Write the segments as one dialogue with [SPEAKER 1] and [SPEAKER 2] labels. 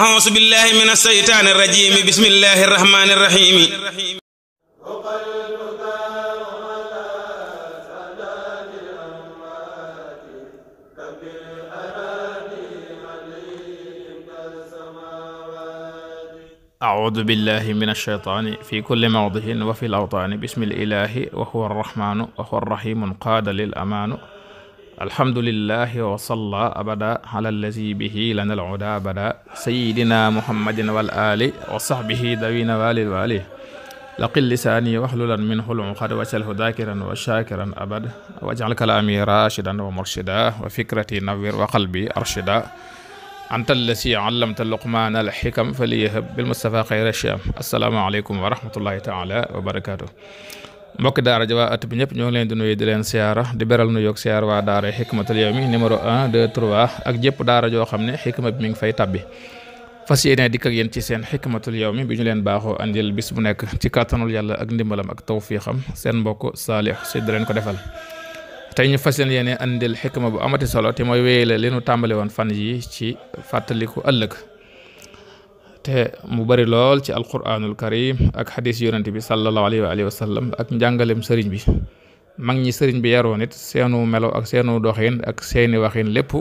[SPEAKER 1] أعوذ بالله من الشيطان الرجيم بسم الله الرحمن الرحيم أعوذ بالله من الشيطان في كل موضع وفي الأوطان بسم الإله وهو الرحمن وهو الرحيم قاد للأمان alhamdulillahi wa salla abada ala allazi bihi lana al huda abada sayidina muhammadin wal ali wa sahbihi dawina wali wali laqil lisaani waxlulan min xulum xad wajalhu dakiran wa shakiran abad wajal kalaami rashidan wa murshida wa fikrati nawir wa qalbi arshida anta allasi allamta luqmaan al xikam faliyahab bil mustafa xayra sham assalaamu aleykum wa rahmatullahi taala wa barakatuh mbokki daara ji waa at bi ñëpp ñoo ngi leen di nuyu di leen siyaara di beral nuyoog siyaar waa daara xikmatul yawmi numéro 1 2 3 ak jëpp daara joo xam ne xikma bi mu ngi fay tabbi fas yéene dikk ak yéen ci seen xikmatul yawmi bi ñu leen baaxoo andil bis bu nekk ci kàttanul yàlla ak ndimbalam ak xam seen mbokk saalix si di leen ko defal te ñu fas leen yéene andil xikma bu amati solo te mooy wéyale li nu tàmbali woon fan yi ci fàttaliku ëllëg te mu bari lool ci alquranul karim ak xadis yonent bi sallallahu alayhi wa ak njàngalem sëriñ bi mag ñi sëriñ bi yaroon it seenu melo ak seenu doxin ak seeni waxin lépp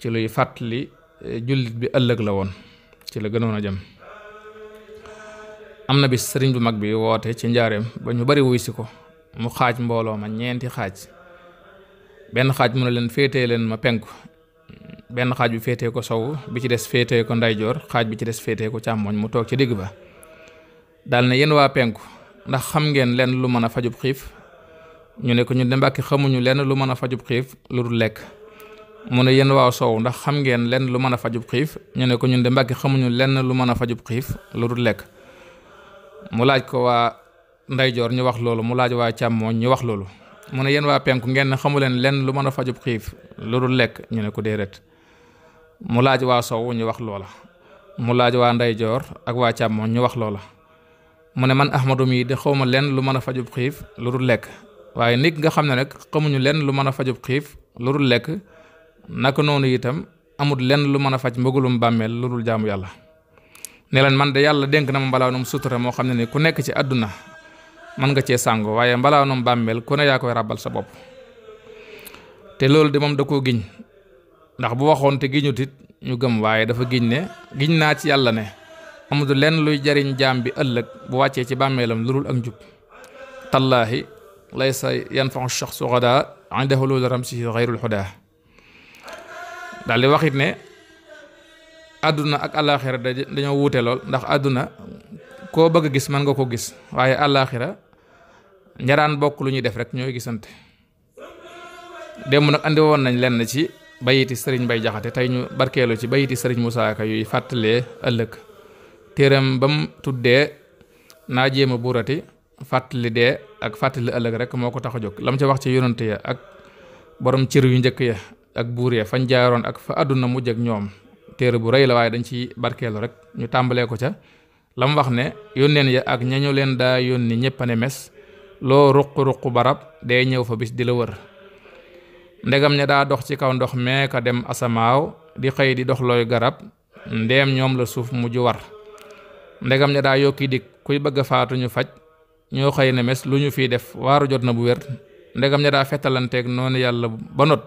[SPEAKER 1] ci luy fàttali eh, jullit bi ëllëg la woon ci la gënoon a jëm am na bi sëriñ bu mag bi woote ci njaareem ba ñu bari wuy ko mu xaaj mbooloo ma ñeenti xaaj benn xaaj mu ne leen féetee leen ma penku benn xaaj bi féetee ko sow bi ci des féete ko ndeyjoor xaaj bi ci des féetee ko càmmoñ mu toog ca digg ba daal ne yenn waa penku ndax xam ngeen lenn lu mën a fajub xiif ñu ne ko ñu de Mbàkke xamuñu lenn lu mën a fajub xiif lu dul lekk mu ne yéen waa sow ndax xam ngeen lenn lu mën a fajub xiif ñu ne ko ñun de Mbàkke xamuñu lenn lu mën a fajub xiif lu dul lekk mu laaj ko waa ndeyjoor ñu wax loolu mu laaj waa càmmooñ ñu wax loolu mu ne yéen waa penku ngeen xamu leen lenn lu mën a fajub xiif lu lekk ñu ne ko déedéet mu laaj waa sowu ñu wax loola mu laaj waa ndeyjoor ak waa càmmoñ ñu wax loola mu ne man ahmadu mii de xawma lenn lu mën a fajub xiif lu dul lekk waaye nit nga xam ne nag xamuñu lenn lu mën a fajub xiif lu dul lekk naka noonu itam amut lenn lu mën a faj mbëgulum bàmmeel lu dul jaamu yàlla ne leen man de yàlla dénk na ma mbalaanum sutura moo xam ne ni ku nekk ci àdduna mën nga cee sàngo waaye mbalaanum bàmmeel ku ne yaa koy ràbbal sa bopp te loolu de moom da koo giñ ndax bu waxoon te giñut it ñu gëm waaye dafa giñ ne giñ naa ci yàlla ne amatu lenn luy jariñ jaam bi ëllëg bu wàccee ci bàmmeelam lu dul ak njub tallaahi laysa yanfaxu shaxsu xadaa indahu lu ramsihi xayrul xudaa daal di waxit ne àdduna ak àllaaxira dañoo wuute lool ndax àdduna koo bëgg a gis mën nga ko gis waaye àllaaxira njaraan bokk lu ñuy def rek ñooy gisante démb nag andi woon nañ lenn ci bayiti sëriñ bay jaxate tey ñu barkeelu ci bayiti sëriñ Moussa Ka yuy fàttalee ëllëg téeram ba mu tuddee naa jéem a buurati fàttali dee ak fàttali ëllëg rek moo ko tax a jóg lam ca wax ci yonante ya ak borom cër yu njëkk ya ak buur ya fañ jaaroon ak fa àdduna mujj ak ñoom téere bu rey la waaye dañ ci barkeelu rek ñu tàmbalee ko ca lam wax ne yónneen ya ak ñañu leen daa yónni ñëpp a ne mes loo ruq ruq barab day ñëw fa bis di la wër ndegam ña daa dox ci kaw ndox mee ka dem asamaaw di xëy di dox looy garab ndeem ñoom la suuf mujj war ndegam ña daa yokki dik kuy bëgg a faatu ñu faj ñoo xëy ne mes lu ñu fi def waaru jot na bu wér ndegam ña daa fetalante fettalanteeg noonu yàlla ba not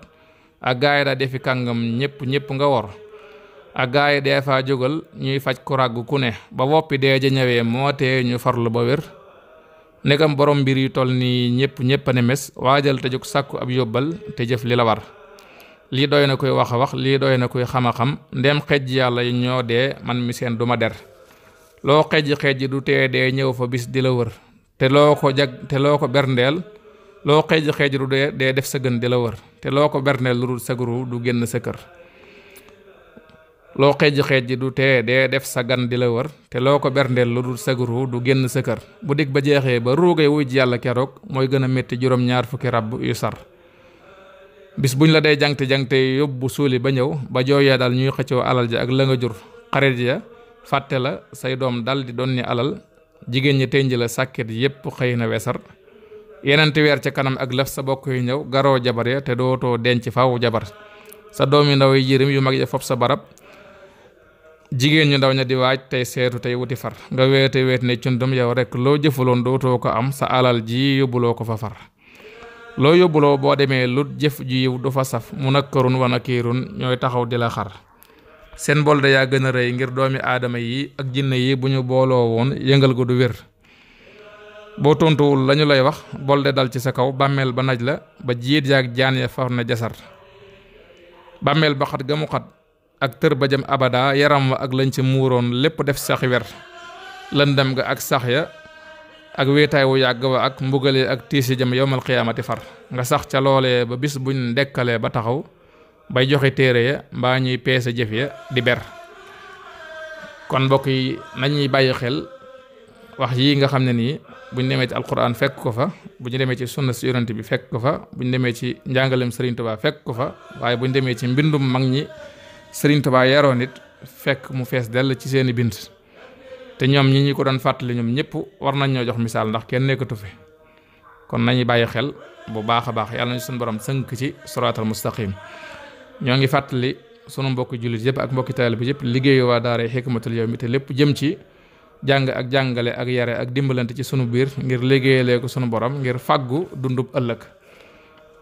[SPEAKER 1] ak gaa yi daa defi kàngam ñépp ñépp nga wor ak gaa yi dee faa jógal ñuy faj ku ràgg ku ne ba woppi dee ja ñëwee moo tee ñu farlu ba wér ndegam borom mbir yu toll nii ñëpp ñëpp a ne mes waajal te jóg sàkku ab yóbbal te jëf li la war lii doy na koy wax a wax lii doy na koy xam xam ndem xej yàlla yi ñoo dee man mi seen du ma der loo xej xej du tee dee ñëw fa bis di la wër te loo ko jag te loo ko berndeel loo xej xej du dee dee def sa gën di la wër te loo ko berndeel lu dul sa du génn sa kër loo xeej xeej ji du tee dee def sa gan di la wër te loo ko berndeel lu dul sag ruu du génn sa kër bu dig ba jeexee ba ruugay ji yàlla keroog mooy gën a métti juróom-ñaar fukki ràbb yu sar bis buñ la day jangte jangte yóbbu suuli ba ñëw ba jooyee daal ñuy xëccoo alal ja ak la nga jur xarit ya fàtte la say doom dal di doon alal jigéen ñi tënj la sàkket yépp xëy na wesar yeneen weer ca kanam ak laf sa bokk yu ñëw garoo jabar ya te dootoo denc faw jabar sa doom yi jirim yu mag ya sa barab jigéen ñu ndaw ña di waaj tey seetu tey wuti far nga weete weet ne cundum yow rek loo jëfaloon dootoo ko am sa alal ji yóbbuloo ko fa far loo yóbbuloo boo demee lu jëf ji yiw du fa saf mu nakkarun wan wana kiirun ñooy taxaw di la xar seen bolde yaa gën a rëy ngir doomi aadama yi ak jinne yi bu ñu booloo woon yëngal gu du wér boo tontuwul lañu lay wax bolde dal ci sa kaw bàmmeel ba naj la ba jiit yaag jaan ya far na jasar bàmmeel ba xat ga mu xat ak tër ba jëm abada yaram wa ak lañ ci muuroon lépp def saxi wer lëndam ga ak sax ya ak wéetaay wu yàgg wa ak mbugale ak tiis yi jëm yowmal xiyaamati far nga sax ca loolee ba bis buñ ndekkalee ba taxaw bay joxe téere ya mbaa ñuy peese jëf ya di ber kon mbokk yi nañuy bàyyi xel wax yii nga xam ne nii buñ demee ci alquran fekk ko fa bu ñu demee ci sunna si yonent bi fekk ko fa bu ñu ci njàngalem Sëriñ Tuubaa fekk ko fa waaye bu ñu ci mbindum sëriñ Tuubaa yaroon it fekk mu fees dell ci seeni bind te ñoom ñi ñu ko doon fàttali ñoom ñëpp war nañ ñoo jox misaal ndax kenn nekkatu fi kon nañu bàyyi xel bu baax a baax yàlla nañu suñu borom sënk ci siraatal mustaqim ñoo ngi fàttali sunu mbokki jullit yëpp ak mbokki taalibe bi yëpp liggéeyu waa daara Hikmatul Yawmi te lépp jëm ci jàng ak jàngale ak yare ak dimbalante ci sunu biir ngir liggéeyalee ko sunu borom ngir fàggu dundub ëllëg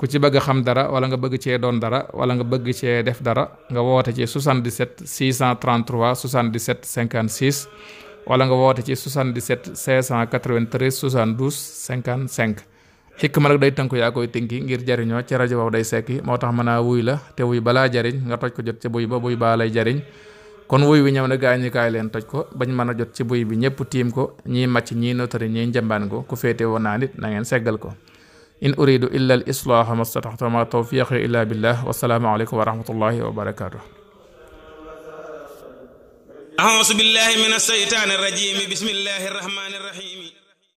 [SPEAKER 1] ku ci bëgg xam dara wala nga bëgg cee doon dara wala nga bëgg cee def dara nga woote ci 77 633 77 56 wala nga woote ci 77 693 72 55. xikma nag day tënku yaa koy tënki ngir jariñoo ci rajo boobu day sekki moo tax mën a wuy la te wuy balaa jariñ nga toj ko jot ci buy ba buy baa lay jariñ kon wuy wi ñëw na gaañukaay leen toj ko bañ mën a jot ci buy bi ñëpp tiim ko ñii màcc ñii notari ñii njambaan ko ku féete woon nit na ngeen seggal ko in uridu illa al islaaha mastataxta ma tawfiqi illa billah wassalaamu aleykum wa rahmatullahi wa barakaatu auzu billahi min alseytaani arrajim bismillahi arrahmani arrahim